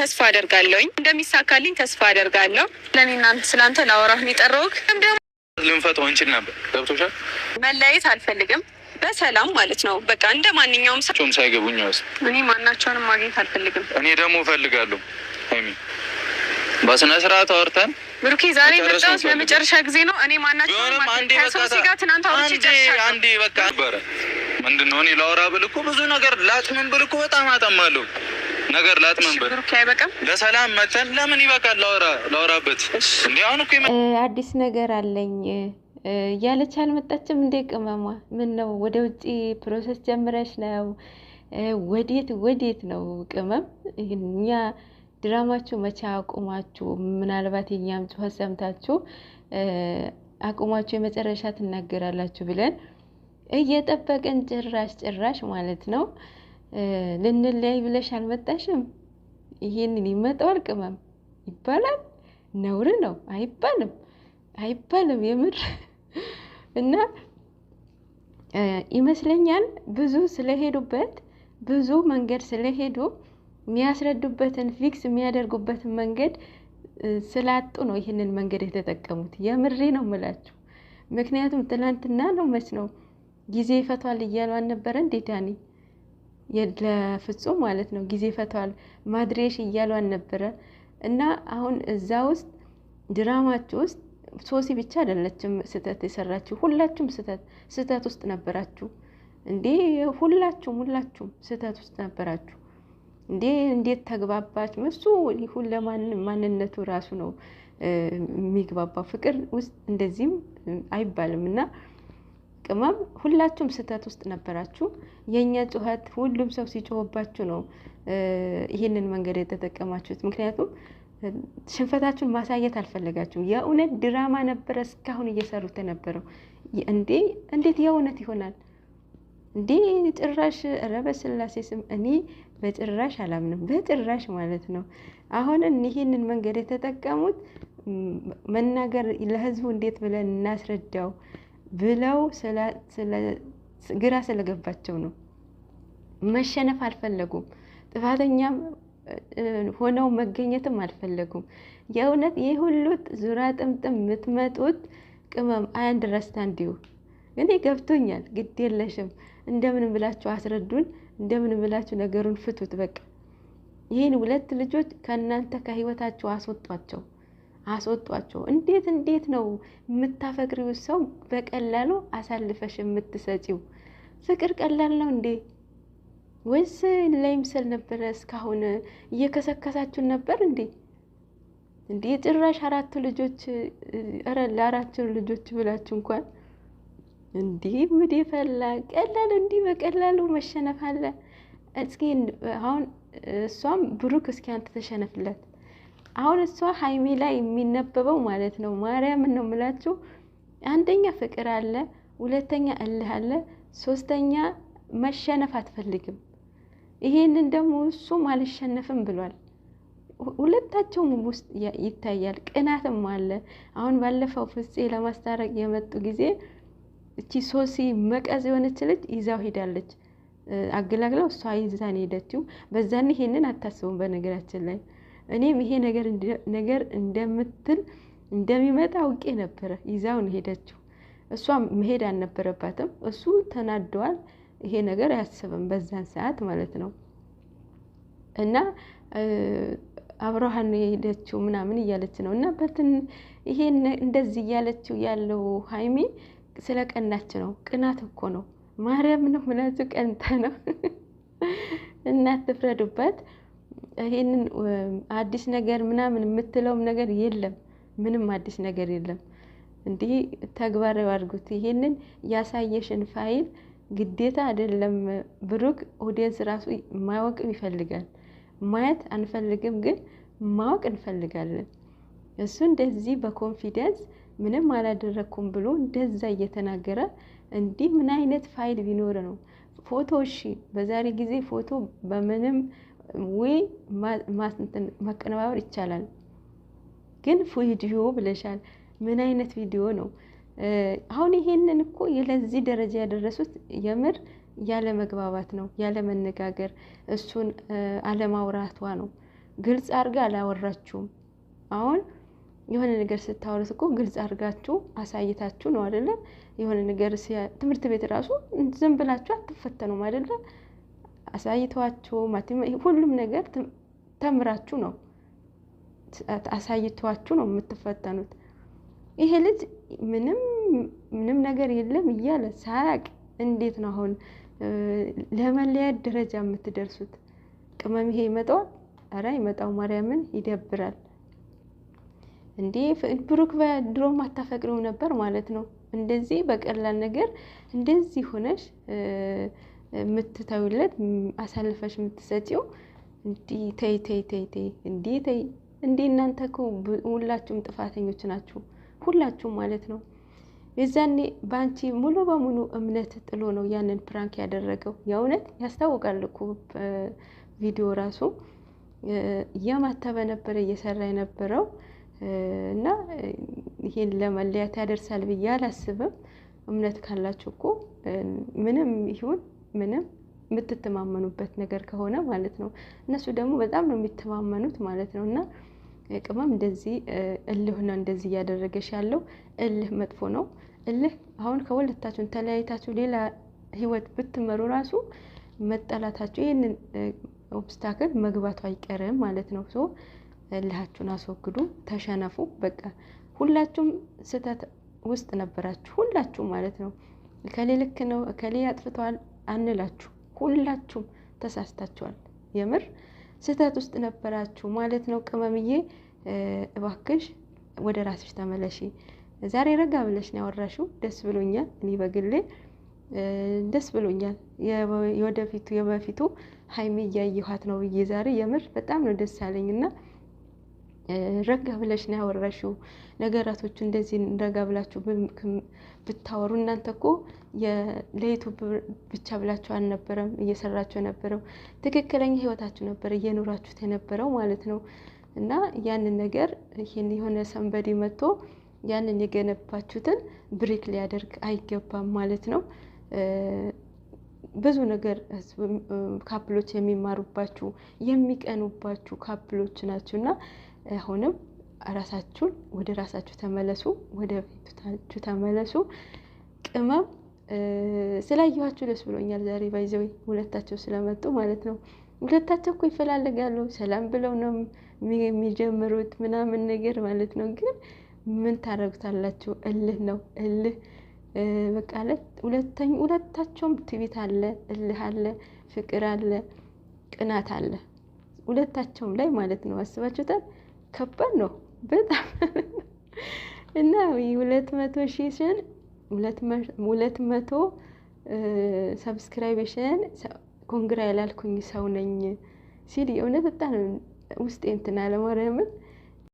ተስፋ አደርጋለሁኝ እንደሚሳካልኝ ተስፋ አደርጋለሁ። ለእኔና ስለአንተ ላወራህ ነው የጠራሁህ። ደግሞ እንችል ነበር። ገብቶሻል። መለያየት አልፈልግም በሰላም ማለት ነው። በቃ እንደ ማንኛውም ሰውም ሳይገቡኝ ውስጥ እኔ ማናቸውንም ማግኘት አልፈልግም። እኔ ደግሞ እፈልጋለሁ። ሀይሚ በስነ ስርዓት አወርተን ብሩኬ ዛሬ መጣሁት ለመጨረሻ ጊዜ ነው። እኔ ማናቸውንም ከሶሲ ጋር ትናንት አውርቼ ጨርሻለሁ። አንዴ በቃ ነበረ ምንድን ነው እኔ ላወራ ብል እኮ ብዙ ነገር ላጥምን ብል እኮ በጣም አጠማለሁ ነገር ላጥመንበት ለሰላም መተን ለምን ይበቃል? ላወራበት እንዲ አሁን እኮ አዲስ ነገር አለኝ እያለች አልመጣችም እንዴ? ቅመሟ ምን ነው ወደ ውጭ ፕሮሰስ ጀምረሽ ነው? ወዴት ወዴት ነው ቅመም? እኛ ድራማችሁ መቼ አቁማችሁ፣ ምናልባት የኛም ጩኸት ሰምታችሁ አቁማችሁ የመጨረሻ ትናገራላችሁ ብለን እየጠበቅን ጭራሽ ጭራሽ ማለት ነው ልንለያይ ብለሽ አልመጣሽም? ይሄንን ይመጣዋል ቅመም ይባላል። ነውር ነው አይባልም፣ አይባልም የምር እና ይመስለኛል ብዙ ስለሄዱበት ብዙ መንገድ ስለሄዱ የሚያስረዱበትን ፊክስ የሚያደርጉበትን መንገድ ስላጡ ነው ይህንን መንገድ የተጠቀሙት። የምሬ ነው ምላችሁ። ምክንያቱም ትላንትና ነው መች ነው ጊዜ ይፈቷል እያሉ አልነበረ እንዴ ዳኒ? ለፍጹም ማለት ነው ጊዜ ፈተዋል ማድሬሽ እያሏን ነበረ እና አሁን እዛ ውስጥ ድራማችሁ ውስጥ ሶሲ ብቻ አይደለችም ስህተት የሰራችሁ፣ ሁላችሁም ስህተት ስህተት ውስጥ ነበራችሁ እንዴ! ሁላችሁም ሁላችሁም ስህተት ውስጥ ነበራችሁ እንዴ! እንዴት ተግባባች? እሱ ለማን ማንነቱ ራሱ ነው የሚግባባው። ፍቅር ውስጥ እንደዚህም አይባልም እና ቅመም ሁላችሁም ስህተት ውስጥ ነበራችሁ። የእኛ ጩኸት ሁሉም ሰው ሲጮህባችሁ ነው ይህንን መንገድ የተጠቀማችሁት። ምክንያቱም ሽንፈታችሁን ማሳየት አልፈለጋችሁም። የእውነት ድራማ ነበረ እስካሁን እየሰሩት የነበረው። እንዴ እንዴት የእውነት ይሆናል እንዴ? ጭራሽ ኧረ በስላሴ ስም እኔ በጭራሽ አላምንም፣ በጭራሽ ማለት ነው። አሁንን ይህንን መንገድ የተጠቀሙት መናገር ለህዝቡ እንዴት ብለን እናስረዳው ብለው ግራ ስለገባቸው ነው። መሸነፍ አልፈለጉም። ጥፋተኛም ሆነው መገኘትም አልፈለጉም። የእውነት ይህ ሁሉ ዙራ ጥምጥም የምትመጡት ቅመም አንድ ረስታ እንዲሁ እኔ ገብቶኛል። ግድ የለሽም እንደምን ብላችሁ አስረዱን፣ እንደምን ብላችሁ ነገሩን ፍቱት። በቃ ይህን ሁለት ልጆች ከእናንተ ከህይወታችሁ አስወጧቸው። አስወጧቸው። እንዴት እንዴት ነው የምታፈቅሪው ሰው በቀላሉ አሳልፈሽ የምትሰጪው? ፍቅር ቀላል ነው እንዴ? ወይስ ላይምሰል ነበረ? እስካሁን እየከሰከሳችሁን ነበር እንዴ? እንዴ ጭራሽ አራቱ ልጆች ረ ለአራቱ ልጆች ብላችሁ እንኳን እንዴ ምድ ፈላ። ቀላል እንዲህ በቀላሉ መሸነፍ አለ። እስኪ አሁን እሷም ብሩክ እስኪ አንተ ተሸነፍለት አሁን እሷ ሀይሚ ላይ የሚነበበው ማለት ነው። ማርያምን ነው የምላችሁ። አንደኛ ፍቅር አለ፣ ሁለተኛ እልህ አለ፣ ሶስተኛ መሸነፍ አትፈልግም። ይሄንን ደግሞ እሱም አልሸነፍም ብሏል። ሁለታቸውም ውስጥ ይታያል። ቅናትም አለ። አሁን ባለፈው ፍፄ ለማስታረቅ የመጡ ጊዜ እቺ ሶሲ መቀዝ የሆነች ልጅ ይዛው ሄዳለች። አገላግለው እሷ ይዛን ሄደችው። በዛን ይሄንን አታስቡም በነገራችን ላይ እኔም ይሄ ነገር እንደምትል እንደሚመጣ አውቄ ነበረ። ይዛውን ሄደችው። እሷ መሄድ አልነበረባትም። እሱ ተናደዋል። ይሄ ነገር አያስብም በዛን ሰዓት ማለት ነው። እና አብረሃን የሄደችው ምናምን እያለች ነው እና በትን ይሄ እንደዚህ እያለችው ያለው ሀይሚ ስለ ቀናች ነው። ቅናት እኮ ነው። ማርያም ነው ምላቱ ቀንተ ነው። እና ትፍረዱበት። ይሄንን አዲስ ነገር ምናምን የምትለውም ነገር የለም። ምንም አዲስ ነገር የለም። እንዲህ ተግባራዊ አድርጉት። ይሄንን ያሳየሽን ፋይል ግዴታ አይደለም ብሩክ ኦዲየንስ ራሱ ማወቅም ይፈልጋል። ማየት አንፈልግም፣ ግን ማወቅ እንፈልጋለን። እሱ እንደዚህ በኮንፊደንስ ምንም አላደረግኩም ብሎ እንደዛ እየተናገረ እንዲህ ምን አይነት ፋይል ቢኖር ነው ፎቶ? እሺ በዛሬ ጊዜ ፎቶ በምንም ውይ ማቀነባበር ይቻላል። ግን ቪዲዮ ብለሻል። ምን አይነት ቪዲዮ ነው? አሁን ይሄንን እኮ ለዚህ ደረጃ ያደረሱት የምር ያለ መግባባት ነው፣ ያለ መነጋገር፣ እሱን አለማውራቷ ነው። ግልጽ አድርጋ አላወራችሁም። አሁን የሆነ ነገር ስታወሩት እኮ ግልጽ አድርጋችሁ አሳይታችሁ ነው አይደለም? የሆነ ነገር ትምህርት ቤት ራሱ ዝም ብላችሁ አትፈተኑም አይደለም? አሳይተዋችሁ ሁሉም ነገር ተምራችሁ ነው አሳይተዋችሁ ነው የምትፈተኑት። ይሄ ልጅ ምንም ምንም ነገር የለም እያለ ሳያቅ እንዴት ነው አሁን ለመለያየት ደረጃ የምትደርሱት? ቅመም ይሄ ይመጣዋል። ኧረ ይመጣው ማርያምን ይደብራል። እንዴ ብሩክ በድሮም አታፈቅሪው ነበር ማለት ነው። እንደዚህ በቀላል ነገር እንደዚህ ሆነሽ የምትተውለት አሳልፈሽ የምትሰጪው እንዲህ ተይ ተይ ተይ ተይ እንዲህ ተይ እንዴ! እናንተ እኮ ሁላችሁም ጥፋተኞች ናችሁ፣ ሁላችሁም ማለት ነው። የዛኔ በአንቺ ሙሉ በሙሉ እምነት ጥሎ ነው ያንን ፕራንክ ያደረገው። የእውነት ያስታውቃል እኮ ቪዲዮ ራሱ የማተበ ነበረ እየሰራ የነበረው እና ይሄን ለመለያት ያደርሳል ብዬ አላስብም። እምነት ካላችሁ እኮ ምንም ይሁን ምንም የምትተማመኑበት ነገር ከሆነ ማለት ነው። እነሱ ደግሞ በጣም ነው የሚተማመኑት ማለት ነው። እና ቅመም እንደዚህ እልህ ነው እንደዚህ እያደረገሽ ያለው እልህ መጥፎ ነው። እልህ አሁን ከሁለታችሁን ተለያይታችሁ ሌላ ህይወት ብትመሩ ራሱ መጠላታችሁ ይህንን ኦብስታክል መግባቱ አይቀርም ማለት ነው። ሶ እልሃችሁን አስወግዱ፣ ተሸነፉ። በቃ ሁላችሁም ስህተት ውስጥ ነበራችሁ፣ ሁላችሁ ማለት ነው። እከሌ ልክ ነው፣ እከሌ አጥፍተዋል አንላችሁ። ሁላችሁም ተሳስታችኋል። የምር ስህተት ውስጥ ነበራችሁ ማለት ነው። ቅመምዬ እባክሽ ወደ ራስሽ ተመለሺ። ዛሬ ረጋ ብለሽ ነው ያወራሽው። ደስ ብሎኛል። እኔ በግሌ ደስ ብሎኛል። የወደፊቱ የበፊቱ ሀይሚ እያየኋት ነው ብዬ ዛሬ የምር በጣም ነው ደስ ያለኝ እና ረጋ ብለሽ ነው ያወራሽው። ነገራቶቹ እንደዚህ ረጋ ብላችሁ ብታወሩ እናንተ እኮ ለዩቱብ ብቻ ብላችሁ አልነበረም እየሰራችሁ የነበረው ትክክለኛ ህይወታችሁ ነበር እየኖራችሁት የነበረው ማለት ነው። እና ያንን ነገር ይህን የሆነ ሰንበዲ መጥቶ ያንን የገነባችሁትን ብሬክ ሊያደርግ አይገባም ማለት ነው። ብዙ ነገር ካፕሎች የሚማሩባችሁ የሚቀኑባችሁ ካፕሎች ናችሁ እና አሁንም ራሳችሁን ወደ ራሳችሁ ተመለሱ፣ ወደ ቤታችሁ ተመለሱ። ቅመም ስላየኋችሁ ደስ ብሎኛል። ዛሬ ባይዘው ሁለታቸው ስለመጡ ማለት ነው። ሁለታቸው እኮ ይፈላልጋሉ። ሰላም ብለው ነው የሚጀምሩት ምናምን ነገር ማለት ነው። ግን ምን ታደርጉታላችሁ? እልህ ነው እልህ በቃ ሁለታቸውም ትቢት አለ፣ እልህ አለ፣ ፍቅር አለ፣ ቅናት አለ ሁለታቸውም ላይ ማለት ነው። አስባችሁታል? ከባድ ነው በጣም እና ሁለት መቶ ሺሽን ሁለት መቶ ሰብስክራይቤሽን ኮንግራ ያላልኩኝ ሰው ነኝ ሲል የእውነት በጣም ውስጤ እንትና ለማርያምን